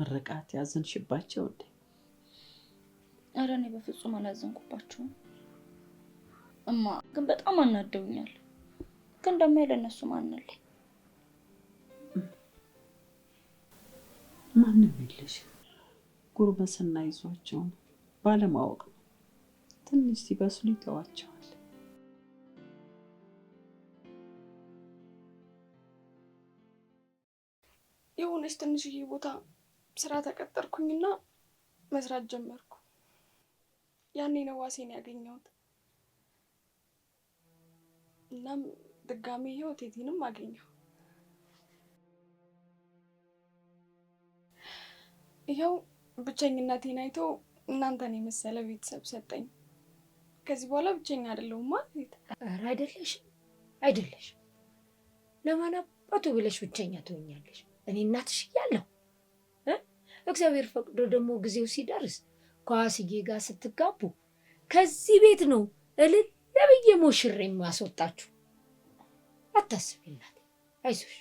ምርቃት ያዘንሽባቸው እንዴ? ኧረ እኔ በፍጹም አላዘንኩባቸውም እማ፣ ግን በጣም አናደውኛል። ግን ደግሞ ለእነሱ ማናለ ማንም የለሽ። ጉርምስና ይዟቸውን ባለማወቅ ነው። ትንሽ ሲበስሉ ይተዋቸዋል። የሆነች ትንሽዬ ቦታ ስራ ተቀጠርኩኝና መስራት ጀመርኩ። ያኔ ነው ዋሴን ያገኘሁት። እናም ድጋሚ ይኸው ቴቲንም አገኘሁ። ይኸው ብቸኝነቴን አይቶ እናንተን የመሰለ ቤተሰብ ሰጠኝ። ከዚህ በኋላ ብቸኛ አይደለሁም ማለት አይደለሽም፣ አይደለሽም። ለማን አባቱ ብለሽ ብቸኛ ትሆኛለሽ? እኔ እናትሽ እያለሁ እግዚአብሔር ፈቅዶ ደግሞ ጊዜው ሲደርስ ከዋስዬ ጋር ስትጋቡ ከዚህ ቤት ነው እልል ለብዬ ሞሽሬ የማስወጣችሁ። አታስቢናት፣ አይዞሽ